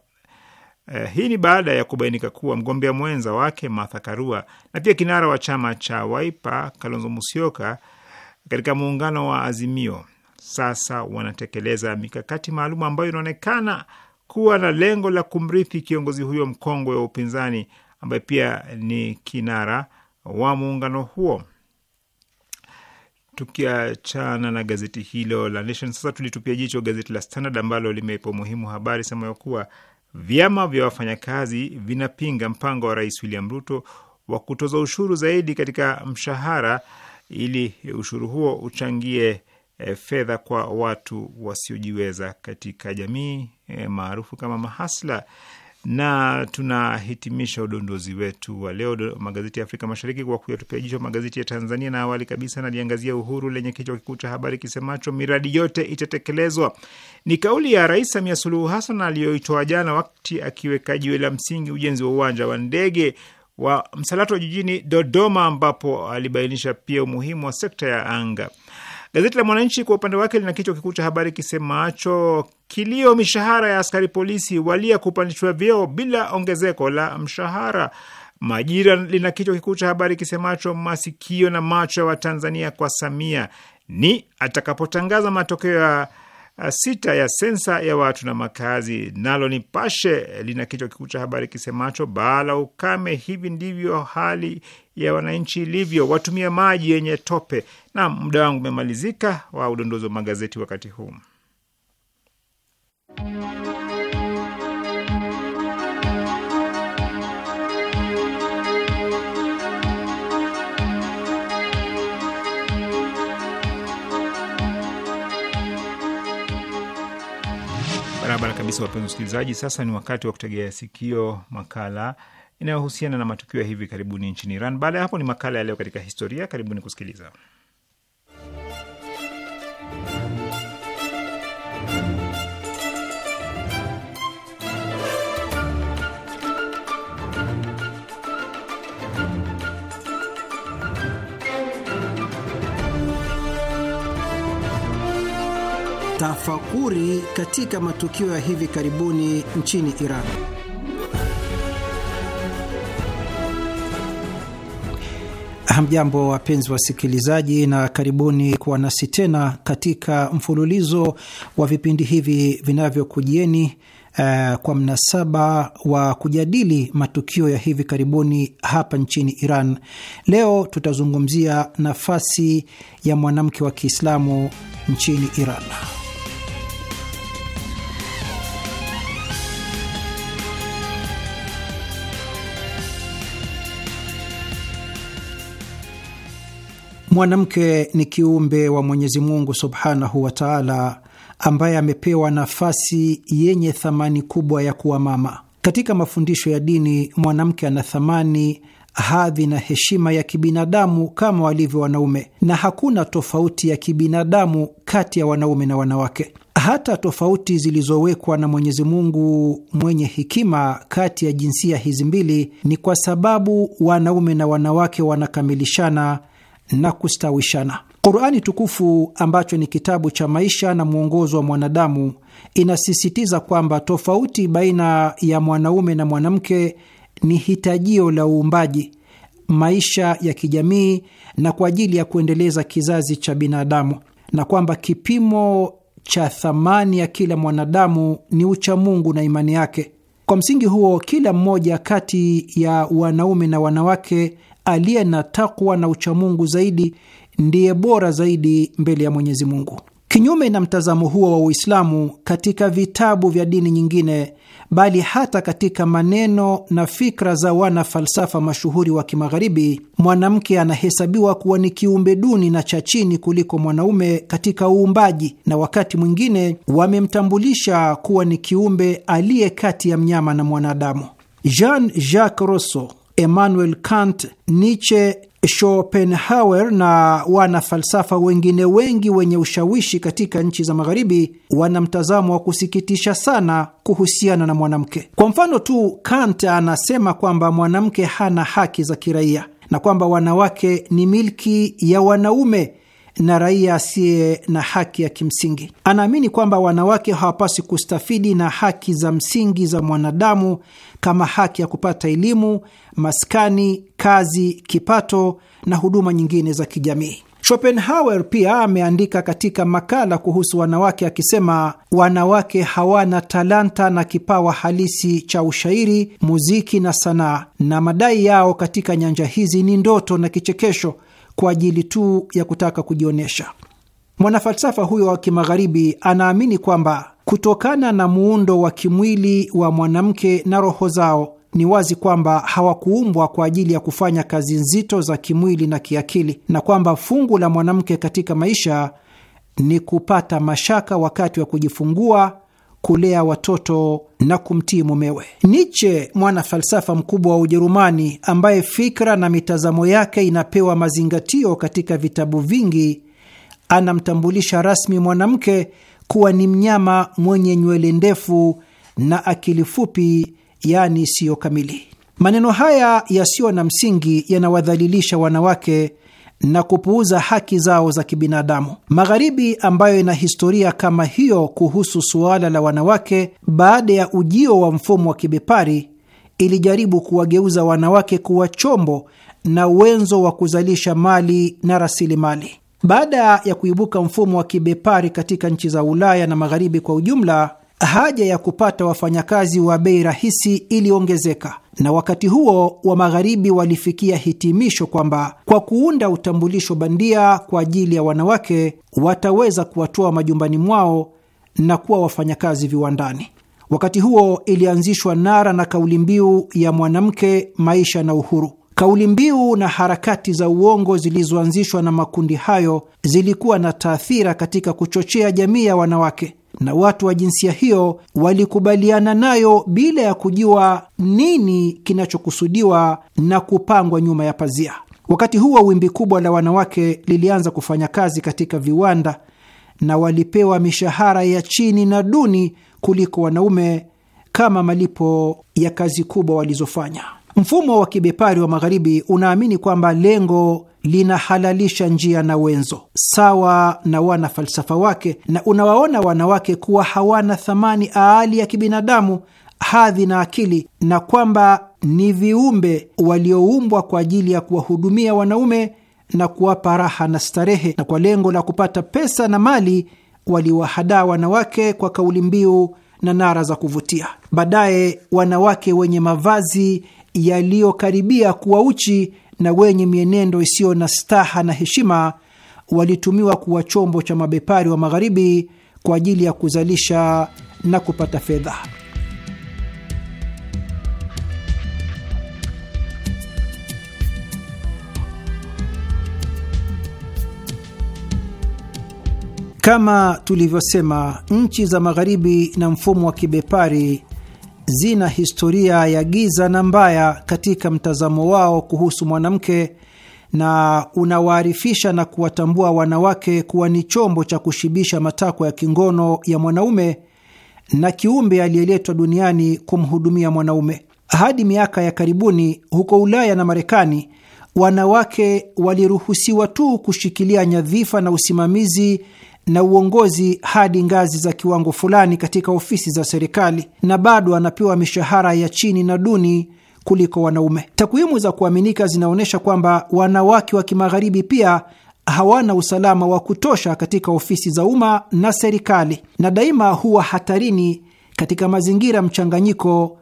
Eh, hii ni baada ya kubainika kuwa mgombea mwenza wake Martha Karua na pia kinara wa chama cha Waipa Kalonzo Musyoka katika muungano wa Azimio sasa wanatekeleza mikakati maalum ambayo inaonekana kuwa na lengo la kumrithi kiongozi huyo mkongwe wa upinzani ambaye pia ni kinara wa muungano huo. Tukiachana na gazeti hilo la Nation, sasa tulitupia jicho gazeti la Standard ambalo limeipa umuhimu habari ya kuwa vyama vya wafanyakazi vinapinga mpango wa Rais William Ruto wa kutoza ushuru zaidi katika mshahara ili ushuru huo uchangie e, fedha kwa watu wasiojiweza katika jamii e, maarufu kama mahasla na tunahitimisha udondozi wetu wa leo magazeti ya Afrika Mashariki kwa kuyatupia jicho magazeti ya Tanzania, na awali kabisa naliangazia Uhuru lenye kichwa kikuu cha habari kisemacho miradi yote itatekelezwa. Ni kauli ya Rais Samia Suluhu Hassan aliyoitoa jana wakati akiweka jiwe la msingi ujenzi wa uwanja wa ndege wa Msalato jijini Dodoma, ambapo alibainisha pia umuhimu wa sekta ya anga. Gazeti la Mwananchi kwa upande wake lina kichwa kikuu cha habari kisemacho kilio, mishahara ya askari polisi walia kupandishwa vyeo bila ongezeko la mshahara. Majira lina kichwa kikuu cha habari kisemacho masikio na macho ya Watanzania kwa Samia ni atakapotangaza matokeo ya Ah, sita ya sensa ya watu na makazi. Nalo Nipashe lina kichwa kikuu cha habari kisemacho baa la ukame, hivi ndivyo hali ya wananchi ilivyo, watumia maji yenye tope. Na muda wangu umemalizika wa udondozi wa magazeti wakati huu. Barabara kabisa, wapenzi wasikilizaji. Sasa ni wakati wa kutegea sikio makala inayohusiana na matukio ya hivi karibuni nchini Iran. Baada ya hapo ni makala ya leo katika historia. Karibuni kusikiliza. tafakuri katika matukio ya hivi karibuni nchini Iran. Hamjambo, wapenzi wasikilizaji, na karibuni kuwa nasi tena katika mfululizo wa vipindi hivi vinavyokujieni uh, kwa mnasaba wa kujadili matukio ya hivi karibuni hapa nchini Iran. Leo tutazungumzia nafasi ya mwanamke wa Kiislamu nchini Iran. Mwanamke ni kiumbe wa Mwenyezi Mungu subhanahu wa taala, ambaye amepewa nafasi yenye thamani kubwa ya kuwa mama. Katika mafundisho ya dini, mwanamke ana thamani, hadhi na heshima ya kibinadamu kama walivyo wanaume, na hakuna tofauti ya kibinadamu kati ya wanaume na wanawake. Hata tofauti zilizowekwa na Mwenyezi Mungu mwenye hekima kati ya jinsia hizi mbili ni kwa sababu wanaume na wanawake wanakamilishana na kustawishana. Qurani tukufu ambacho ni kitabu cha maisha na mwongozo wa mwanadamu inasisitiza kwamba tofauti baina ya mwanaume na mwanamke ni hitajio la uumbaji, maisha ya kijamii na kwa ajili ya kuendeleza kizazi cha binadamu, na kwamba kipimo cha thamani ya kila mwanadamu ni uchamungu na imani yake. Kwa msingi huo, kila mmoja kati ya wanaume na wanawake aliye na takwa na uchamungu zaidi ndiye bora zaidi mbele ya Mwenyezi Mungu. Kinyume na mtazamo huo wa Uislamu katika vitabu vya dini nyingine, bali hata katika maneno na fikra za wana falsafa mashuhuri wa Kimagharibi, mwanamke anahesabiwa kuwa ni kiumbe duni na cha chini kuliko mwanaume katika uumbaji, na wakati mwingine wamemtambulisha kuwa ni kiumbe aliye kati ya mnyama na mwanadamu. Jean Jacques Rousseau Emmanuel Kant, Nietzsche, Schopenhauer na wanafalsafa wengine wengi wenye ushawishi katika nchi za Magharibi wana mtazamo wa kusikitisha sana kuhusiana na mwanamke. Kwa mfano tu, Kant anasema kwamba mwanamke hana haki za kiraia na kwamba wanawake ni milki ya wanaume na raia asiye na haki ya kimsingi. Anaamini kwamba wanawake hawapaswi kustafidi na haki za msingi za mwanadamu kama haki ya kupata elimu, maskani, kazi, kipato na huduma nyingine za kijamii. Schopenhauer pia ameandika katika makala kuhusu wanawake akisema, wanawake hawana talanta na kipawa halisi cha ushairi, muziki na sanaa, na madai yao katika nyanja hizi ni ndoto na kichekesho kwa ajili tu ya kutaka kujionyesha. Mwanafalsafa huyo wa kimagharibi anaamini kwamba kutokana na muundo wa kimwili wa mwanamke na roho zao, ni wazi kwamba hawakuumbwa kwa ajili ya kufanya kazi nzito za kimwili na kiakili, na kwamba fungu la mwanamke katika maisha ni kupata mashaka wakati wa kujifungua, kulea watoto na kumtii mumewe. Nietzsche, mwana falsafa mkubwa wa Ujerumani, ambaye fikra na mitazamo yake inapewa mazingatio katika vitabu vingi anamtambulisha rasmi mwanamke kuwa ni mnyama mwenye nywele ndefu na akili fupi, yaani siyo kamili. Maneno haya yasiyo na msingi yanawadhalilisha wanawake na kupuuza haki zao za kibinadamu. Magharibi, ambayo ina historia kama hiyo kuhusu suala la wanawake, baada ya ujio wa mfumo wa kibepari, ilijaribu kuwageuza wanawake kuwa chombo na wenzo wa kuzalisha mali na rasilimali. Baada ya kuibuka mfumo wa kibepari katika nchi za Ulaya na magharibi kwa ujumla, haja ya kupata wafanyakazi wa bei rahisi iliongezeka, na wakati huo wa magharibi walifikia hitimisho kwamba kwa kuunda utambulisho bandia kwa ajili ya wanawake wataweza kuwatoa majumbani mwao na kuwa wafanyakazi viwandani. Wakati huo ilianzishwa nara na kauli mbiu ya mwanamke, maisha na uhuru. Kauli mbiu na harakati za uongo zilizoanzishwa na makundi hayo zilikuwa na taathira katika kuchochea jamii ya wanawake, na watu wa jinsia hiyo walikubaliana nayo bila ya kujua nini kinachokusudiwa na kupangwa nyuma ya pazia. Wakati huo wimbi kubwa la wanawake lilianza kufanya kazi katika viwanda na walipewa mishahara ya chini na duni kuliko wanaume kama malipo ya kazi kubwa walizofanya. Mfumo wa kibepari wa Magharibi unaamini kwamba lengo linahalalisha njia na wenzo sawa na wana falsafa wake, na unawaona wanawake kuwa hawana thamani aali ya kibinadamu, hadhi na akili, na kwamba ni viumbe walioumbwa kwa ajili ya kuwahudumia wanaume na kuwapa raha na starehe, na kwa lengo la kupata pesa na mali waliwahadaa wanawake kwa kauli mbiu na nara za kuvutia. Baadaye wanawake wenye mavazi yaliyokaribia kuwa uchi na wenye mienendo isiyo na staha na heshima walitumiwa kuwa chombo cha mabepari wa Magharibi kwa ajili ya kuzalisha na kupata fedha. Kama tulivyosema, nchi za Magharibi na mfumo wa kibepari zina historia ya giza na mbaya katika mtazamo wao kuhusu mwanamke na unawaarifisha na kuwatambua wanawake kuwa ni chombo cha kushibisha matakwa ya kingono ya mwanaume na kiumbe aliyeletwa duniani kumhudumia mwanaume. Hadi miaka ya karibuni huko Ulaya na Marekani, wanawake waliruhusiwa tu kushikilia nyadhifa na usimamizi na uongozi hadi ngazi za kiwango fulani katika ofisi za serikali na bado anapewa mishahara ya chini na duni kuliko wanaume. Takwimu za kuaminika zinaonyesha kwamba wanawake wa kimagharibi pia hawana usalama wa kutosha katika ofisi za umma na serikali, na daima huwa hatarini katika mazingira mchanganyiko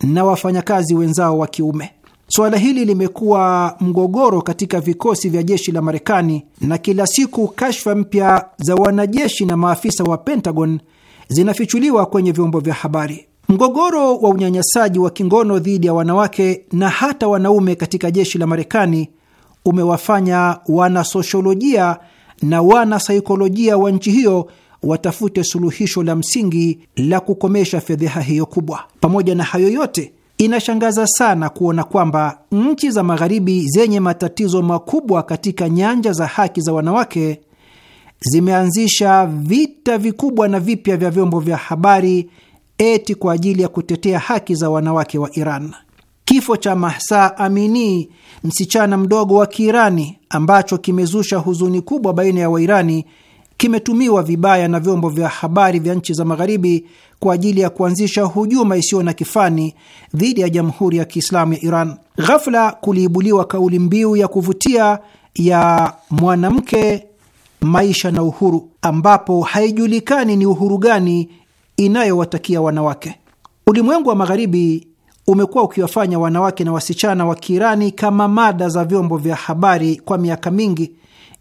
na wafanyakazi wenzao wa kiume. Suala hili limekuwa mgogoro katika vikosi vya jeshi la Marekani, na kila siku kashfa mpya za wanajeshi na maafisa wa Pentagon zinafichuliwa kwenye vyombo vya habari. Mgogoro wa unyanyasaji wa kingono dhidi ya wanawake na hata wanaume katika jeshi la Marekani umewafanya wanasosiolojia na wanasaikolojia wa nchi hiyo watafute suluhisho la msingi la kukomesha fedheha hiyo kubwa. Pamoja na hayo yote, Inashangaza sana kuona kwamba nchi za magharibi zenye matatizo makubwa katika nyanja za haki za wanawake zimeanzisha vita vikubwa na vipya vya vyombo vya habari eti kwa ajili ya kutetea haki za wanawake wa Iran. Kifo cha Mahsa Amini, msichana mdogo wa Kiirani, ambacho kimezusha huzuni kubwa baina ya Wairani kimetumiwa vibaya na vyombo vya habari vya nchi za Magharibi kwa ajili ya kuanzisha hujuma isiyo na kifani dhidi ya Jamhuri ya Kiislamu ya Iran. Ghafla kuliibuliwa kauli mbiu ya kuvutia ya mwanamke, maisha na uhuru, ambapo haijulikani ni uhuru gani inayowatakia wanawake. Ulimwengu wa Magharibi umekuwa ukiwafanya wanawake na wasichana wa Kiirani kama mada za vyombo vya habari kwa miaka mingi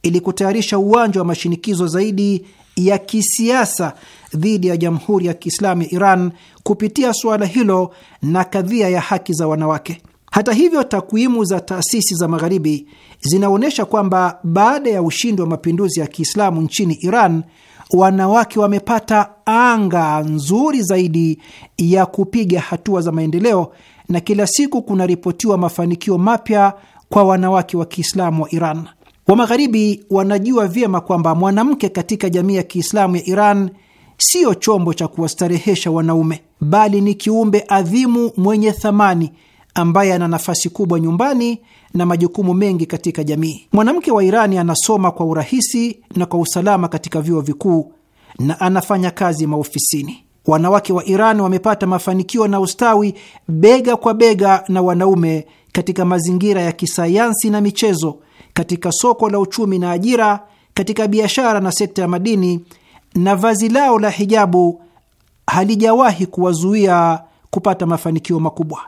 ili kutayarisha uwanja wa mashinikizo zaidi ya kisiasa dhidi ya Jamhuri ya Kiislamu ya Iran kupitia suala hilo na kadhia ya haki za wanawake. Hata hivyo, takwimu za taasisi za Magharibi zinaonyesha kwamba baada ya ushindi wa mapinduzi ya Kiislamu nchini Iran, wanawake wamepata anga nzuri zaidi ya kupiga hatua za maendeleo na kila siku kunaripotiwa mafanikio mapya kwa wanawake wa Kiislamu wa Iran. Wa Magharibi wanajua vyema kwamba mwanamke katika jamii ya Kiislamu ya Iran siyo chombo cha kuwastarehesha wanaume, bali ni kiumbe adhimu mwenye thamani ambaye ana nafasi kubwa nyumbani na majukumu mengi katika jamii. Mwanamke wa Irani anasoma kwa urahisi na kwa usalama katika vyuo vikuu na anafanya kazi maofisini. Wanawake wa Iran wamepata mafanikio na ustawi bega kwa bega na wanaume katika mazingira ya kisayansi na michezo katika soko la uchumi na ajira, katika biashara na sekta ya madini, na vazi lao la hijabu halijawahi kuwazuia kupata mafanikio makubwa.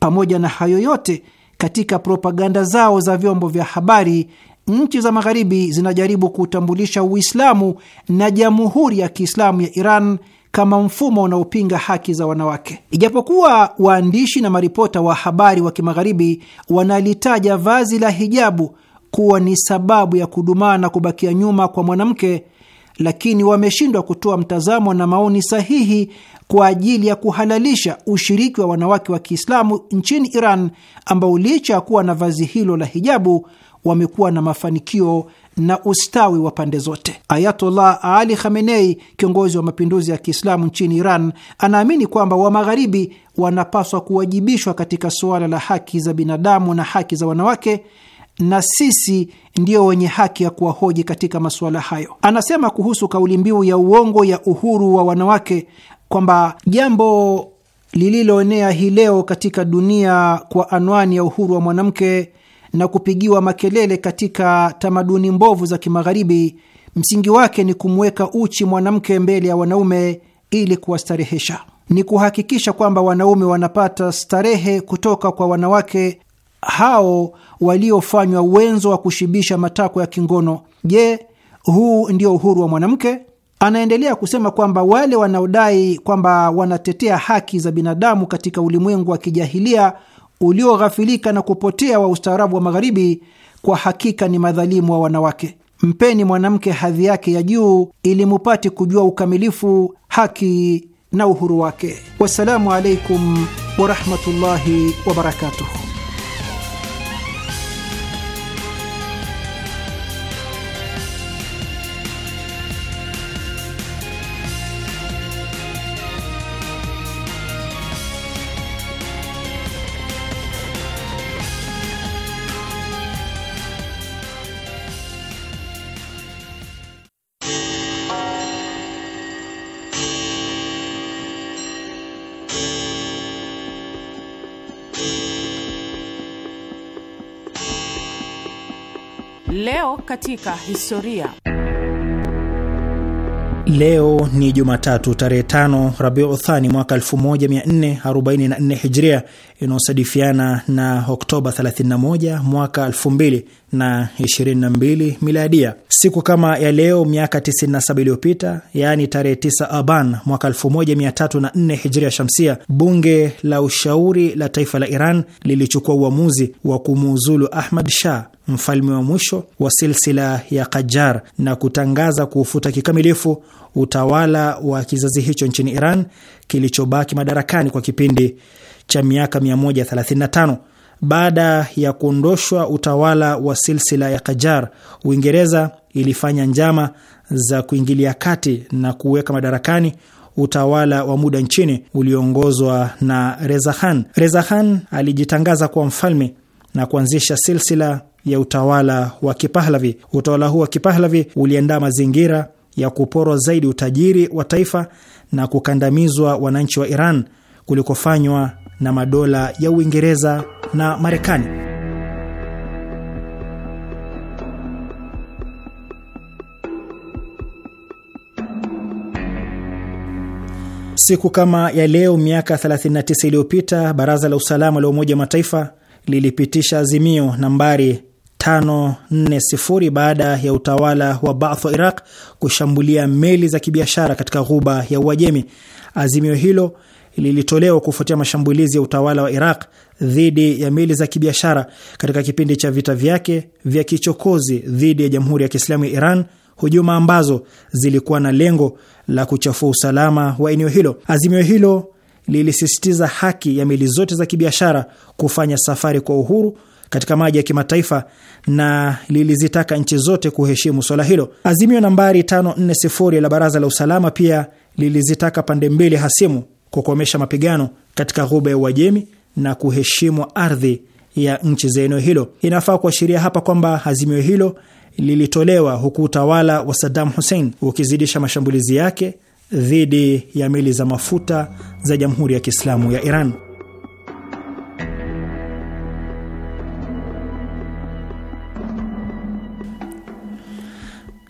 Pamoja na hayo yote, katika propaganda zao za vyombo vya habari, nchi za Magharibi zinajaribu kuutambulisha Uislamu na Jamhuri ya Kiislamu ya Iran kama mfumo unaopinga haki za wanawake. Ijapokuwa waandishi na maripota wa habari wa Kimagharibi wanalitaja vazi la hijabu kuwa ni sababu ya kudumaa na kubakia nyuma kwa mwanamke, lakini wameshindwa kutoa mtazamo na maoni sahihi kwa ajili ya kuhalalisha ushiriki wa wanawake wa Kiislamu nchini Iran, ambao licha ya kuwa na vazi hilo la hijabu wamekuwa na mafanikio na ustawi wa pande zote. Ayatollah Ali Khamenei, kiongozi wa mapinduzi ya Kiislamu nchini Iran, anaamini kwamba wa Magharibi wanapaswa kuwajibishwa katika suala la haki za binadamu na haki za wanawake na sisi ndiyo wenye haki ya kuwahoji katika masuala hayo. Anasema kuhusu kauli mbiu ya uongo ya uhuru wa wanawake kwamba jambo lililoenea hii leo katika dunia kwa anwani ya uhuru wa mwanamke na kupigiwa makelele katika tamaduni mbovu za Kimagharibi, msingi wake ni kumweka uchi mwanamke mbele ya wanaume ili kuwastarehesha. Ni kuhakikisha kwamba wanaume wanapata starehe kutoka kwa wanawake hao waliofanywa wenzo wa kushibisha matakwa ya kingono. Je, huu ndio uhuru wa mwanamke? Anaendelea kusema kwamba wale wanaodai kwamba wanatetea haki za binadamu katika ulimwengu wa kijahilia ulioghafilika na kupotea wa ustaarabu wa Magharibi, kwa hakika ni madhalimu wa wanawake. Mpeni mwanamke hadhi yake ya juu ili mupate kujua ukamilifu, haki na uhuru wake. Wassalamu alaikum warahmatullahi wabarakatuhu. Leo katika historia. Leo ni Jumatatu tarehe 5 Rabiu Thani mwaka 1444 Hijria, inayosadifiana na Oktoba 31 mwaka 2022 miladia. Siku kama ya leo miaka 97 iliyopita, yaani tarehe 9 Aban mwaka 1304 hijria shamsia, bunge la ushauri la taifa la Iran lilichukua uamuzi wa kumuuzulu Ahmad Shah mfalme wa mwisho wa silsila ya Qajar na kutangaza kuufuta kikamilifu utawala wa kizazi hicho nchini Iran kilichobaki madarakani kwa kipindi cha miaka 135. Baada ya kuondoshwa utawala wa silsila ya Kajar, Uingereza ilifanya njama za kuingilia kati na kuweka madarakani utawala wa muda nchini ulioongozwa na Reza Khan. Reza Khan alijitangaza kuwa mfalme na kuanzisha silsila ya utawala wa Kipahlavi. Utawala huu wa Kipahlavi uliandaa mazingira ya kuporwa zaidi utajiri wa taifa na kukandamizwa wananchi wa Iran kulikofanywa na madola ya Uingereza na Marekani. Siku kama ya leo miaka 39 iliyopita, Baraza la Usalama la Umoja wa Mataifa lilipitisha azimio nambari 540 baada ya utawala wa Baath wa Iraq kushambulia meli za kibiashara katika ghuba ya Uajemi. Azimio hilo lilitolewa kufuatia mashambulizi ya utawala wa Iraq dhidi ya meli za kibiashara katika kipindi cha vita vyake vya kichokozi dhidi ya Jamhuri ya Kiislamu ya Iran, hujuma ambazo zilikuwa na lengo la kuchafua usalama wa eneo hilo. Azimio hilo lilisisitiza haki ya meli zote za kibiashara kufanya safari kwa uhuru katika maji ya kimataifa na lilizitaka nchi zote kuheshimu swala hilo. Azimio nambari 540 la Baraza la Usalama pia lilizitaka pande mbili hasimu kukomesha mapigano katika ghuba ya Uajemi na kuheshimu ardhi ya nchi za eneo hilo. Inafaa kuashiria hapa kwamba azimio hilo lilitolewa huku utawala wa Saddam Hussein ukizidisha mashambulizi yake dhidi ya meli za mafuta za Jamhuri ya Kiislamu ya Iran.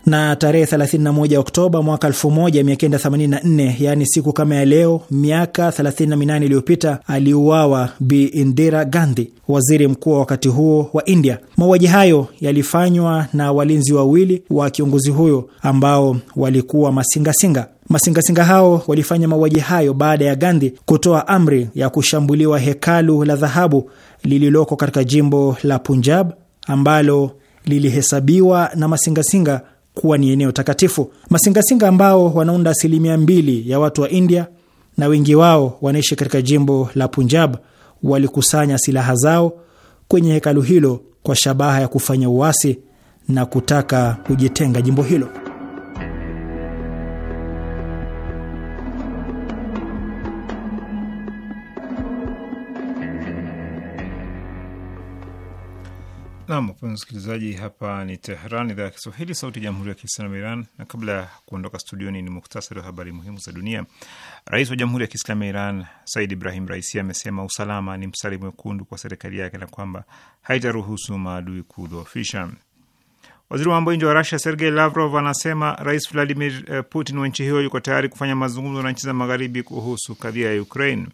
na tarehe 31 Oktoba mwaka 1984, yaani siku kama ya leo miaka 38 iliyopita, aliuawa Bi Indira Gandhi, waziri mkuu wa wakati huo wa India. Mauaji hayo yalifanywa na walinzi wawili wa kiongozi huyo ambao walikuwa masingasinga. Masingasinga hao walifanya mauaji hayo baada ya Gandhi kutoa amri ya kushambuliwa hekalu la dhahabu lililoko katika jimbo la Punjab ambalo lilihesabiwa na masingasinga kuwa ni eneo takatifu. Masingasinga ambao wanaunda asilimia mbili ya watu wa India na wengi wao wanaishi katika jimbo la Punjab walikusanya silaha zao kwenye hekalu hilo kwa shabaha ya kufanya uasi na kutaka kujitenga jimbo hilo. Nam, wapenzi msikilizaji, hapa ni Tehran, idhaa ya Kiswahili, sauti ya jamhuri ya kiislamu ya Iran. Na kabla ya kuondoka studioni, ni muktasari wa habari muhimu za dunia. Rais wa Jamhuri ya Kiislamu ya Iran Said Ibrahim Raisi amesema usalama ni mstari mwekundu kwa serikali yake na kwamba haitaruhusu maadui kudhoofisha. Waziri wa mambo ya nje wa Rusia Sergei Lavrov anasema Rais Vladimir eh, Putin wa nchi hiyo yuko tayari kufanya mazungumzo na nchi za Magharibi kuhusu kadhia ya Ukraine.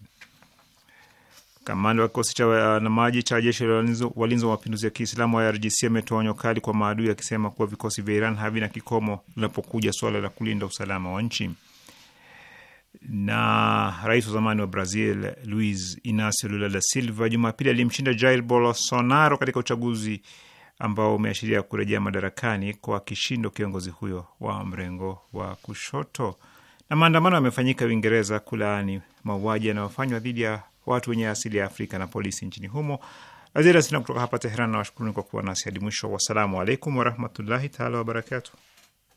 Kamanda wa kikosi cha wanamaji cha jeshi la walinzi wa mapinduzi ya Kiislamu IRGC ametoa onyo kali kwa maadui akisema kuwa vikosi vya Iran havina kikomo linapokuja suala la kulinda usalama wa nchi. Na rais wa zamani wa Brazil Luiz Inacio Lula da Silva Jumapili alimshinda Jair Bolsonaro katika uchaguzi ambao umeashiria kurejea madarakani kwa kishindo kiongozi huyo wa mrengo wa kushoto. Na maandamano yamefanyika Uingereza kulaani mauaji yanayofanywa dhidi ya watu wenye asili ya Afrika na polisi nchini humo. Lazira sina kutoka hapa Teheran na washukuruni kwa kuwa nasi hadi mwisho. Wassalamu alaikum warahmatullahi taala wabarakatu.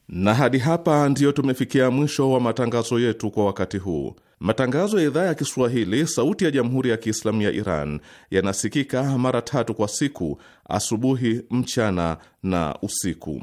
Na hadi hapa ndiyo tumefikia mwisho wa matangazo yetu kwa wakati huu. Matangazo ya idhaa ya Kiswahili sauti ya jamhuri ya Kiislamu ya Iran yanasikika mara tatu kwa siku: asubuhi, mchana na usiku.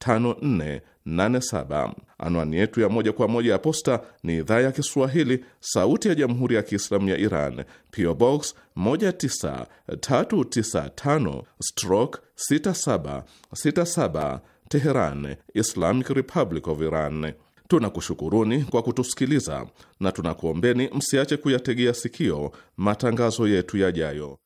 5487. Anwani yetu ya moja kwa moja ya posta ni idhaa ya Kiswahili, sauti ya jamhuri ya kiislamu ya Iran, PO Box 19395 stroke 6767 Teheran, Islamic Republic of Iran. Tunakushukuruni kwa kutusikiliza na tunakuombeni msiache kuyategea sikio matangazo yetu yajayo.